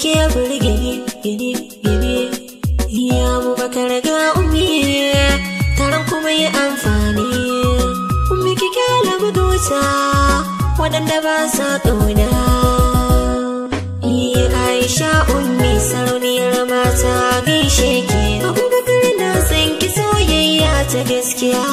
ke burge gini gini ya abubakar ga ummi taron kuma yi amfani ummi kike labu dusa waɗanda ba sa ƙauna iya aisha ummi sarauniyar mata gaishe ke abubakar na san ki soyayya ta gaskiya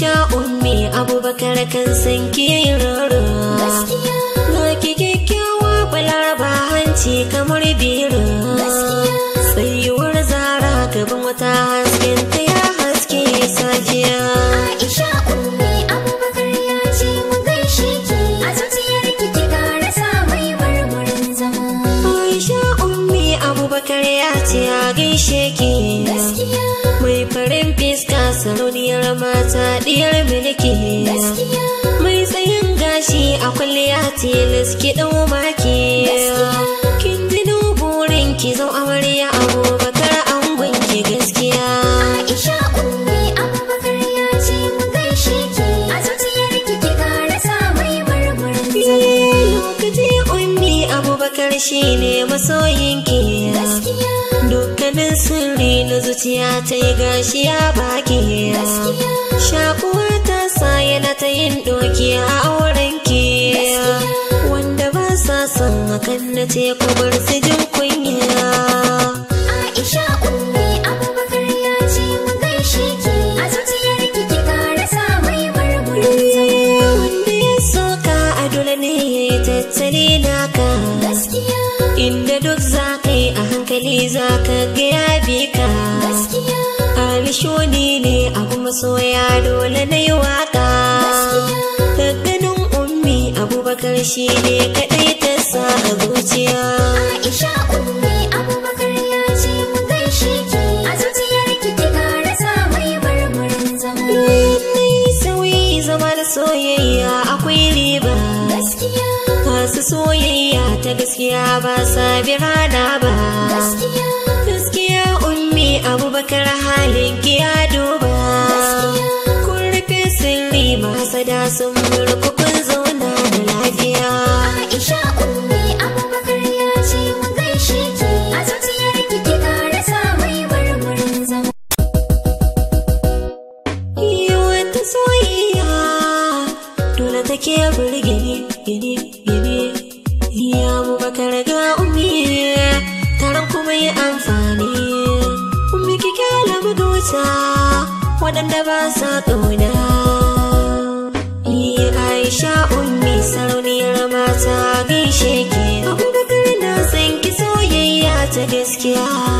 Aisha ummi abubakar kan san ke Na ki kyakkyawa balaraba hanci kamar bira Tsayuwar zara gaban wata hasken ta ya haske safiya Aisha ummi abubakar ummi abubakar ya gaishe ki Ɗiyar diyar mulki mai tsayin gashi a kwalliya tilas ki dan maki kin ji burin ki zo amarya abubakar an gunki gaskiya aisha ummi abubakar ya ce mu gaishe ki a zuciyar ki ki kara sa mai marmarin eh, lokaci ummi abubakar ne masoyin ki dukkanin sirri na zuciya ta yi gashi ya baki in doki a aurenki wanda ba sa son hakan na ce ku bar su jin kunya Aisha ummi Abubakar ya ce mu gaishe ki a zuciyar ki ki kara sa mai marmurin wanda ya soka a dole ne ya tattali naka gaskiya inda duk za kai a hankali za ka ga ya bi ka ni shuni ne abu masoya dole na yi waka ganin ummi abubakar shi ne kaɗai ta sa a zuciya aisha ummi abubakar ya ce mu gaishe ki a zuciyar ki ki gara mai marmarin zama sauyi zama da soyayya akwai riba gaskiya soyayya ta gaskiya ba sabira na ba abubakar halin ki ya duba kun rufe sun nima sada sun murkuku waɗanda ba sa ƙauna iya aisha ummi sarauniyar mata gaishe ke abubakar na san ki soyayya ta gaskiya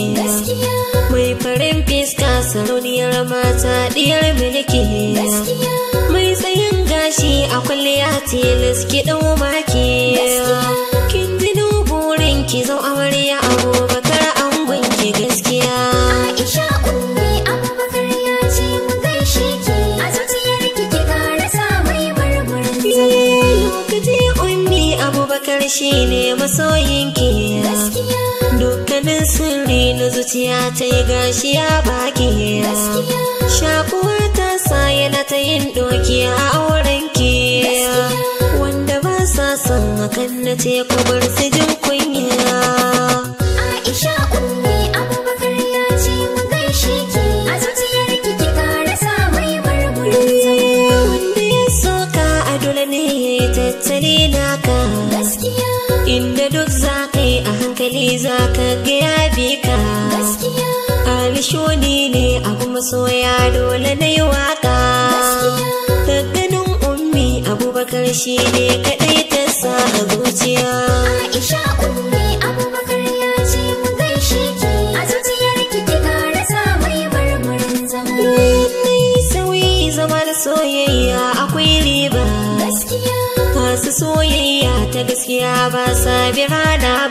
Mai farin fiska sarauniyar mata ɗiyar miliki Mai tsayin gashi a kwalliya tilis ki ɗan wake Kin ji burin ki zau amarya abubakar an gwanki gaskiya Aisha ummi abubakar ya ce mu gaishe ki A zuciyar ki ki karasa mai marmarin eh, Lokaci ummi abubakar ne masoyinki sirri na zuciya ta yi gashi ya baki shakuwar ta sa yana ta yin dokiya a auren ki wanda ba sa son hakan na ce ku bar su jin kunya aisha ummi abubakar ya ce mu gaishe ki a zuciyar ki ki kara sa mai marmurin wanda ya soka a dole ne ya yi tattali naka inda duk hankali za ka ga bi ka gaskiya ne abu masoya dole na yi waka ta ganin ummi abubakar shi ne kaɗai ta sa zuciya ya a zuciyar sauyi zama soyayya akwai masu soyayya ta gaskiya ba sa birana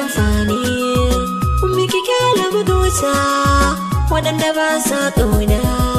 sa waɗanda ba sa ƙauna